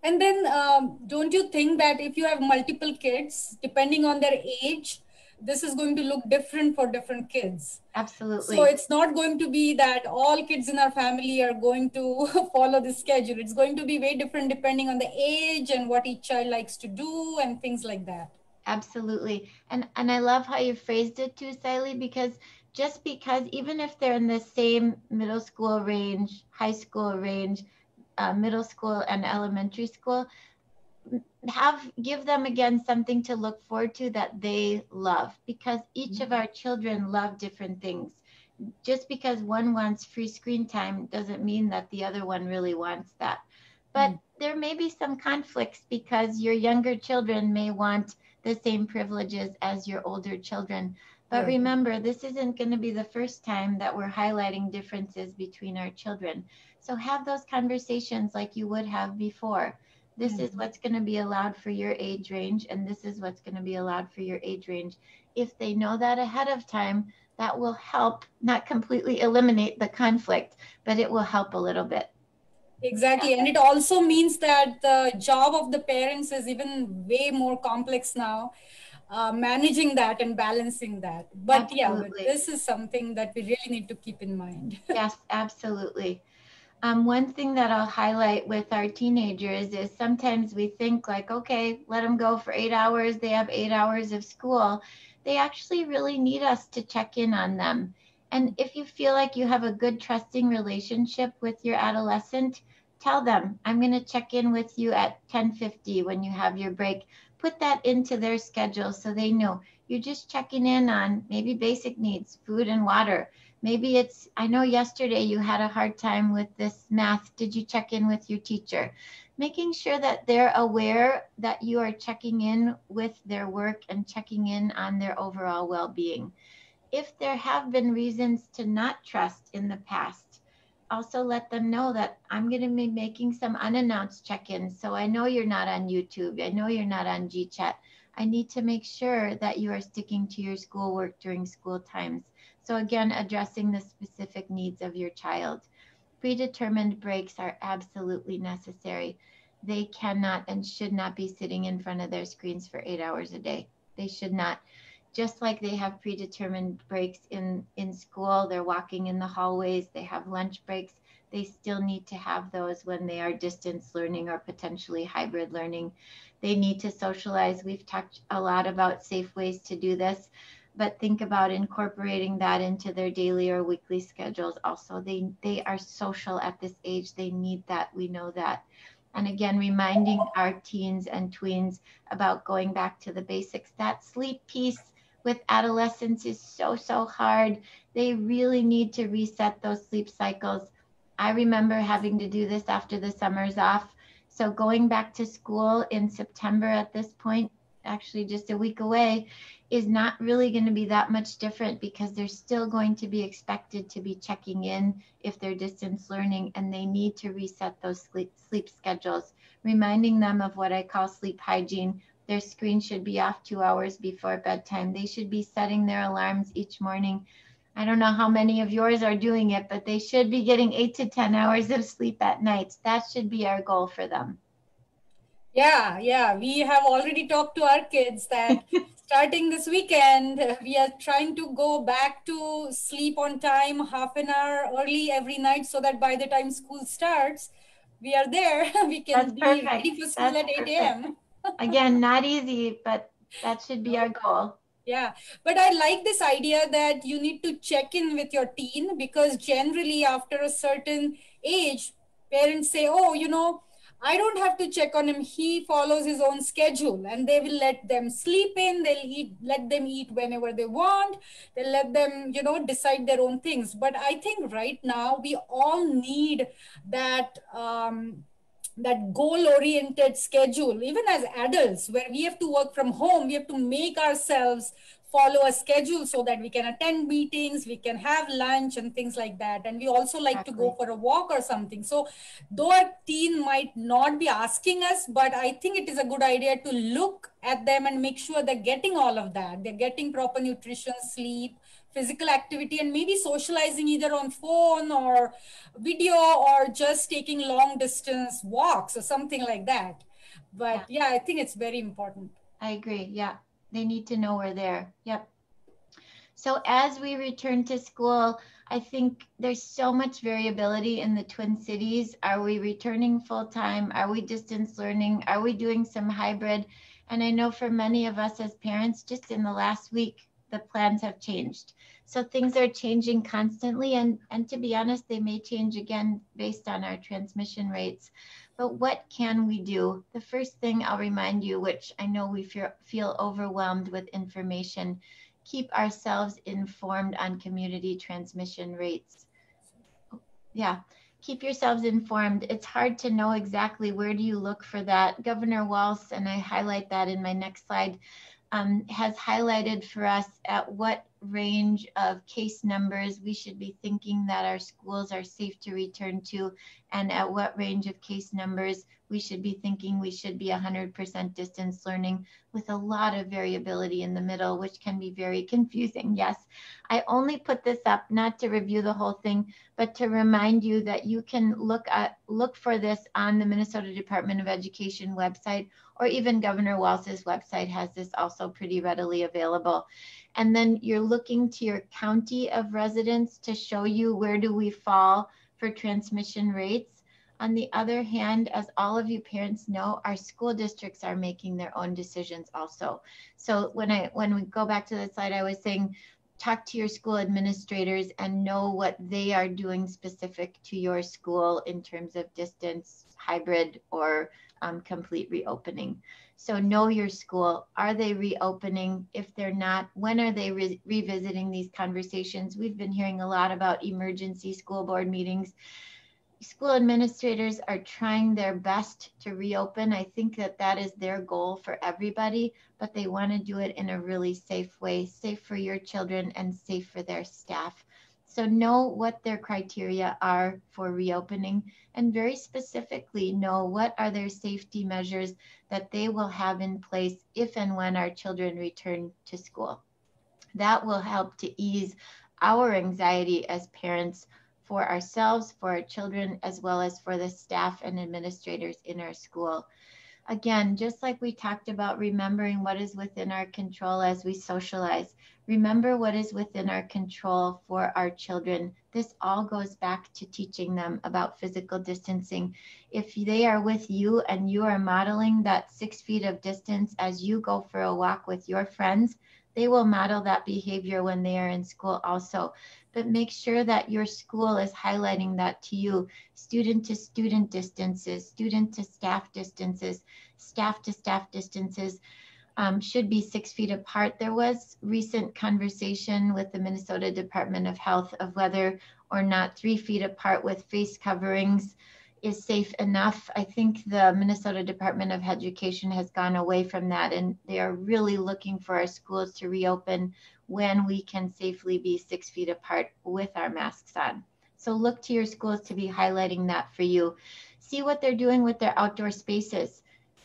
And then, um, don't you think that if you have multiple kids, depending on their age, this is going to look different for different kids absolutely so it's not going to be that all kids in our family are going to follow the schedule it's going to be very different depending on the age and what each child likes to do and things like that absolutely and and i love how you phrased it too Sally, because just because even if they're in the same middle school range high school range uh, middle school and elementary school have give them again something to look forward to that they love because each of our children love different things just because one wants free screen time doesn't mean that the other one really wants that but mm. there may be some conflicts because your younger children may want the same privileges as your older children but remember this isn't going to be the first time that we're highlighting differences between our children so have those conversations like you would have before this is mm-hmm. what's going to be allowed for your age range and this is what's going to be allowed for your age range if they know that ahead of time that will help not completely eliminate the conflict but it will help a little bit exactly and it also means that the job of the parents is even way more complex now uh, managing that and balancing that but absolutely. yeah but this is something that we really need to keep in mind yes absolutely um, one thing that I'll highlight with our teenagers is sometimes we think like, okay, let them go for eight hours. They have eight hours of school. They actually really need us to check in on them. And if you feel like you have a good trusting relationship with your adolescent, tell them, I'm going to check in with you at 1050 when you have your break. Put that into their schedule so they know you're just checking in on maybe basic needs, food and water maybe it's i know yesterday you had a hard time with this math did you check in with your teacher making sure that they're aware that you are checking in with their work and checking in on their overall well-being if there have been reasons to not trust in the past also let them know that i'm going to be making some unannounced check-ins so i know you're not on youtube i know you're not on gchat i need to make sure that you are sticking to your schoolwork during school times so again, addressing the specific needs of your child. Predetermined breaks are absolutely necessary. They cannot and should not be sitting in front of their screens for eight hours a day. They should not. Just like they have predetermined breaks in, in school, they're walking in the hallways, they have lunch breaks, they still need to have those when they are distance learning or potentially hybrid learning. They need to socialize. We've talked a lot about safe ways to do this but think about incorporating that into their daily or weekly schedules also they they are social at this age they need that we know that and again reminding our teens and tweens about going back to the basics that sleep piece with adolescents is so so hard they really need to reset those sleep cycles i remember having to do this after the summer's off so going back to school in september at this point actually just a week away is not really going to be that much different because they're still going to be expected to be checking in if they're distance learning and they need to reset those sleep, sleep schedules, reminding them of what I call sleep hygiene. Their screen should be off two hours before bedtime. They should be setting their alarms each morning. I don't know how many of yours are doing it, but they should be getting eight to 10 hours of sleep at night. That should be our goal for them. Yeah, yeah. We have already talked to our kids that starting this weekend, we are trying to go back to sleep on time, half an hour early every night, so that by the time school starts, we are there. We can that's be perfect. ready for school that's at 8 a.m. Again, not easy, but that should be our goal. Yeah, but I like this idea that you need to check in with your teen because generally, after a certain age, parents say, Oh, you know, I don't have to check on him. He follows his own schedule and they will let them sleep in. They'll eat, let them eat whenever they want. They'll let them, you know, decide their own things. But I think right now we all need that. Um, that goal oriented schedule even as adults where we have to work from home we have to make ourselves follow a schedule so that we can attend meetings we can have lunch and things like that and we also like exactly. to go for a walk or something so though a teen might not be asking us but i think it is a good idea to look at them and make sure they're getting all of that they're getting proper nutrition sleep physical activity and maybe socializing either on phone or video or just taking long distance walks or something like that but yeah, yeah i think it's very important i agree yeah they need to know we're there. Yep. So as we return to school, I think there's so much variability in the Twin Cities. Are we returning full time? Are we distance learning? Are we doing some hybrid? And I know for many of us as parents, just in the last week, the plans have changed. So things are changing constantly. And, and to be honest, they may change again based on our transmission rates. But what can we do? The first thing I'll remind you, which I know we feel overwhelmed with information, keep ourselves informed on community transmission rates. Yeah, keep yourselves informed. It's hard to know exactly where do you look for that. Governor Walz, and I highlight that in my next slide, um, has highlighted for us at what range of case numbers we should be thinking that our schools are safe to return to, and at what range of case numbers we should be thinking we should be 100% distance learning with a lot of variability in the middle, which can be very confusing. Yes, I only put this up not to review the whole thing, but to remind you that you can look at look for this on the Minnesota Department of Education website or even Governor Walz's website has this also pretty readily available. And then you're looking to your county of residence to show you where do we fall for transmission rates. On the other hand, as all of you parents know, our school districts are making their own decisions also. So when I when we go back to the slide, I was saying talk to your school administrators and know what they are doing specific to your school in terms of distance, hybrid, or um, complete reopening. So know your school. Are they reopening? If they're not, when are they re- revisiting these conversations? We've been hearing a lot about emergency school board meetings. School administrators are trying their best to reopen. I think that that is their goal for everybody, but they want to do it in a really safe way, safe for your children and safe for their staff. So know what their criteria are for reopening and very specifically know what are their safety measures that they will have in place if and when our children return to school. That will help to ease our anxiety as parents for ourselves, for our children, as well as for the staff and administrators in our school. Again, just like we talked about remembering what is within our control as we socialize, Remember what is within our control for our children. This all goes back to teaching them about physical distancing. If they are with you and you are modeling that six feet of distance as you go for a walk with your friends, they will model that behavior when they are in school also. But make sure that your school is highlighting that to you student to student distances, student to staff distances, staff to staff distances um, should be six feet apart. There was recent conversation with the Minnesota Department of Health of whether or not three feet apart with face coverings is safe enough. I think the Minnesota Department of Education has gone away from that, and they are really looking for our schools to reopen when we can safely be six feet apart with our masks on. So look to your schools to be highlighting that for you. See what they're doing with their outdoor spaces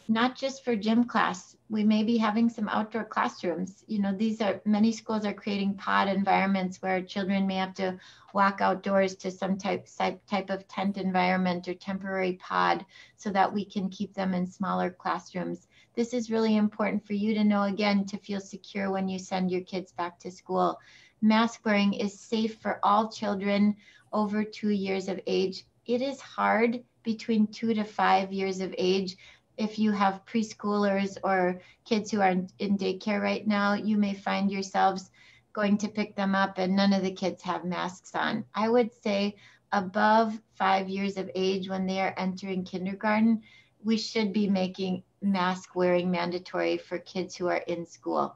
not just for gym class. We may be having some outdoor classrooms. You know, these are many schools are creating pod environments where children may have to walk outdoors to some type type of tent environment or temporary pod so that we can keep them in smaller classrooms. This is really important for you to know again to feel secure when you send your kids back to school. Mask wearing is safe for all children over 2 years of age. It is hard between two to five years of age if you have preschoolers or kids who are in, in daycare right now, you may find yourselves going to pick them up and none of the kids have masks on. I would say above five years of age, when they are entering kindergarten, we should be making mask wearing mandatory for kids who are in school.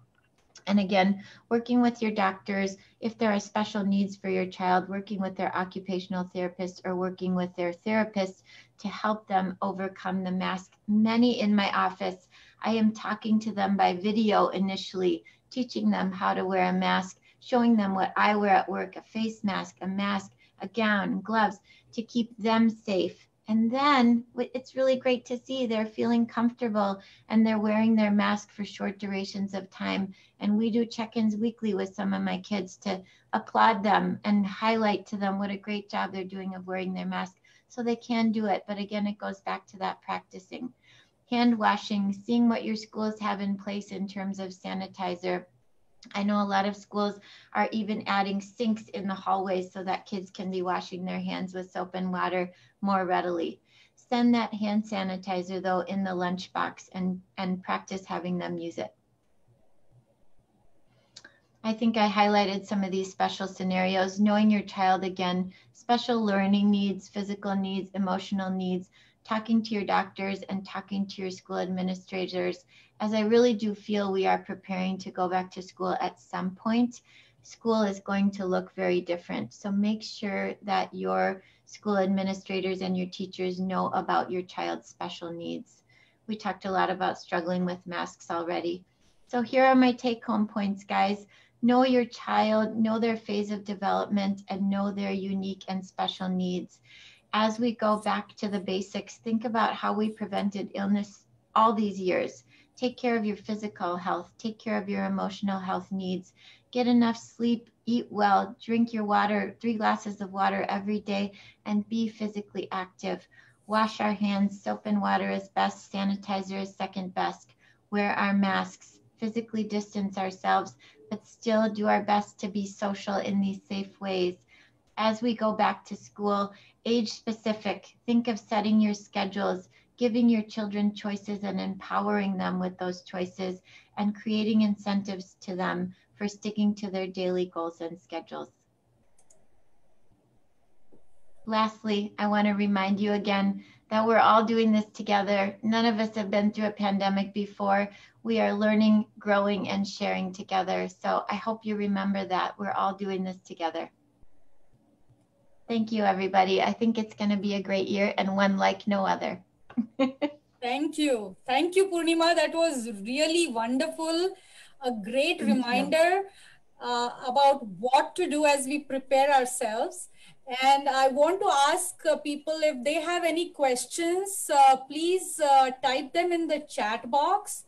And again, working with your doctors, if there are special needs for your child, working with their occupational therapist or working with their therapist to help them overcome the mask. Many in my office, I am talking to them by video initially, teaching them how to wear a mask, showing them what I wear at work a face mask, a mask, a gown, gloves to keep them safe and then it's really great to see they're feeling comfortable and they're wearing their mask for short durations of time. And we do check ins weekly with some of my kids to applaud them and highlight to them what a great job they're doing of wearing their mask. So they can do it. But again, it goes back to that practicing. Hand washing, seeing what your schools have in place in terms of sanitizer, I know a lot of schools are even adding sinks in the hallways so that kids can be washing their hands with soap and water more readily. Send that hand sanitizer though in the lunchbox and, and practice having them use it. I think I highlighted some of these special scenarios, knowing your child again, special learning needs, physical needs, emotional needs, talking to your doctors and talking to your school administrators as I really do feel we are preparing to go back to school at some point, school is going to look very different. So make sure that your school administrators and your teachers know about your child's special needs. We talked a lot about struggling with masks already. So here are my take home points, guys. Know your child, know their phase of development, and know their unique and special needs. As we go back to the basics, think about how we prevented illness all these years take care of your physical health, take care of your emotional health needs, get enough sleep, eat well, drink your water, three glasses of water every day, and be physically active. Wash our hands, soap and water is best, sanitizer is second best. Wear our masks, physically distance ourselves, but still do our best to be social in these safe ways. As we go back to school, age specific, think of setting your schedules giving your children choices and empowering them with those choices and creating incentives to them for sticking to their daily goals and schedules. Lastly, I want to remind you again that we're all doing this together. None of us have been through a pandemic before. We are learning, growing, and sharing together. So I hope you remember that we're all doing this together. Thank you, everybody. I think it's going to be a great year and one like no other. Thank you. Thank you, Purnima. That was really wonderful. A great reminder uh, about what to do as we prepare ourselves. And I want to ask uh, people if they have any questions, uh, please uh, type them in the chat box.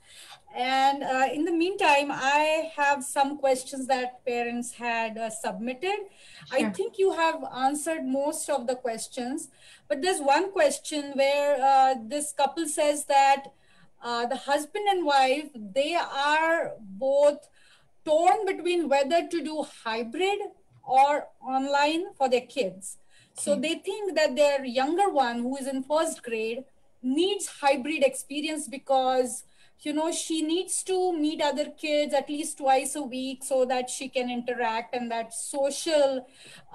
And uh, in the meantime, I have some questions that parents had uh, submitted. Sure. I think you have answered most of the questions, but there's one question where uh, this couple says that uh, the husband and wife, they are both torn between whether to do hybrid or online for their kids. Okay. So they think that their younger one, who is in first grade, needs hybrid experience because you know she needs to meet other kids at least twice a week so that she can interact and that social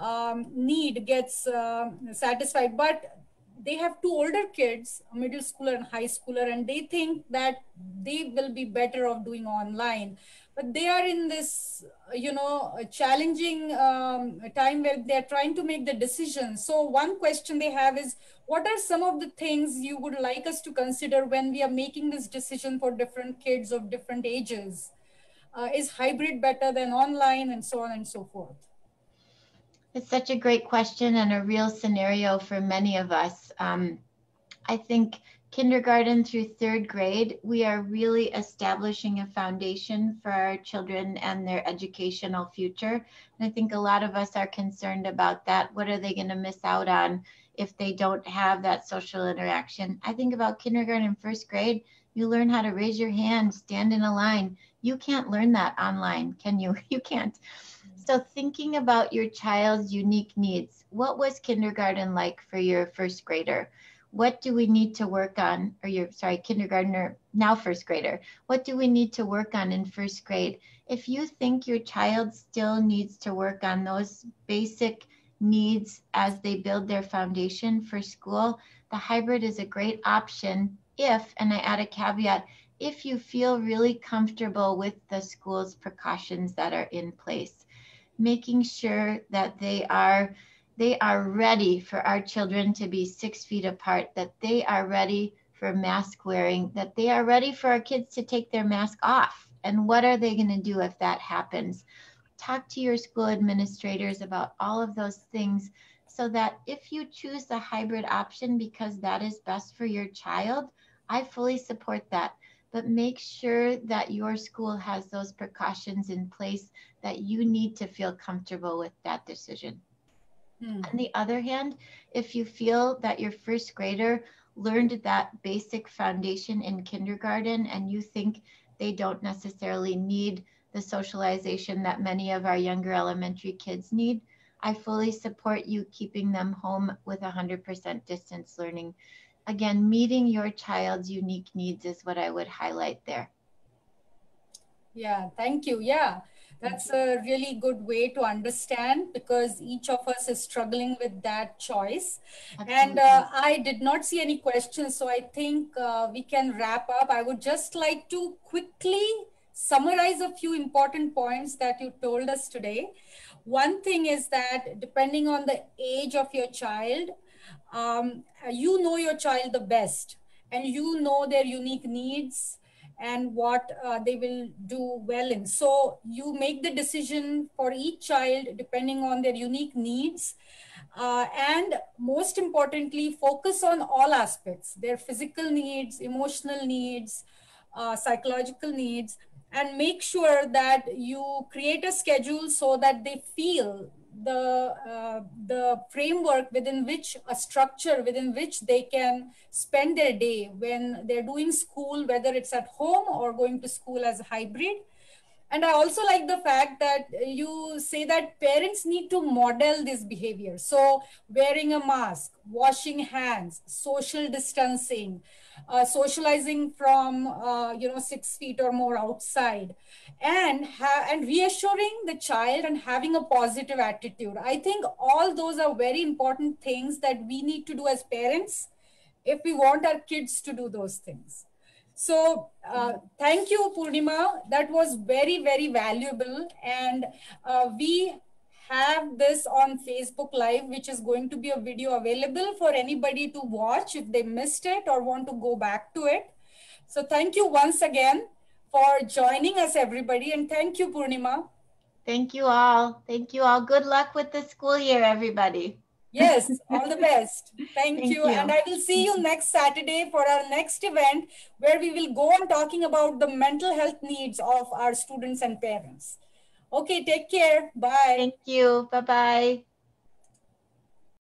um, need gets uh, satisfied but they have two older kids middle schooler and high schooler and they think that they will be better off doing online but they are in this you know challenging um, time where they are trying to make the decisions so one question they have is what are some of the things you would like us to consider when we are making this decision for different kids of different ages uh, is hybrid better than online and so on and so forth it's such a great question and a real scenario for many of us um, i think kindergarten through third grade, we are really establishing a foundation for our children and their educational future. And I think a lot of us are concerned about that. What are they going to miss out on if they don't have that social interaction? I think about kindergarten and first grade, you learn how to raise your hand, stand in a line. You can't learn that online, can you? You can't. So, thinking about your child's unique needs, what was kindergarten like for your first grader? what do we need to work on or you're sorry kindergartner now first grader what do we need to work on in first grade if you think your child still needs to work on those basic needs as they build their foundation for school the hybrid is a great option if and i add a caveat if you feel really comfortable with the school's precautions that are in place making sure that they are they are ready for our children to be six feet apart, that they are ready for mask wearing, that they are ready for our kids to take their mask off. And what are they going to do if that happens? Talk to your school administrators about all of those things so that if you choose the hybrid option because that is best for your child, I fully support that. But make sure that your school has those precautions in place that you need to feel comfortable with that decision. Mm. On the other hand, if you feel that your first grader learned that basic foundation in kindergarten and you think they don't necessarily need the socialization that many of our younger elementary kids need, I fully support you keeping them home with 100% distance learning. Again, meeting your child's unique needs is what I would highlight there. Yeah, thank you. Yeah, that's a really good way to understand because each of us is struggling with that choice. Absolutely. And uh, I did not see any questions, so I think uh, we can wrap up. I would just like to quickly summarize a few important points that you told us today. One thing is that depending on the age of your child, um, you know your child the best and you know their unique needs and what uh, they will do well in. So you make the decision for each child depending on their unique needs. Uh, and most importantly, focus on all aspects their physical needs, emotional needs, uh, psychological needs, and make sure that you create a schedule so that they feel the uh, the framework within which a structure within which they can spend their day when they're doing school whether it's at home or going to school as a hybrid and i also like the fact that you say that parents need to model this behavior so wearing a mask washing hands social distancing uh, socializing from uh, you know six feet or more outside and and reassuring the child and having a positive attitude i think all those are very important things that we need to do as parents if we want our kids to do those things so uh, thank you purnima that was very very valuable and uh, we have this on Facebook Live, which is going to be a video available for anybody to watch if they missed it or want to go back to it. So thank you once again for joining us, everybody. And thank you, Purnima. Thank you all. Thank you all. Good luck with the school year, everybody. Yes, all the best. Thank, Thank you. you. And I will see you next Saturday for our next event where we will go on talking about the mental health needs of our students and parents. Okay, take care. Bye. Thank you. Bye bye.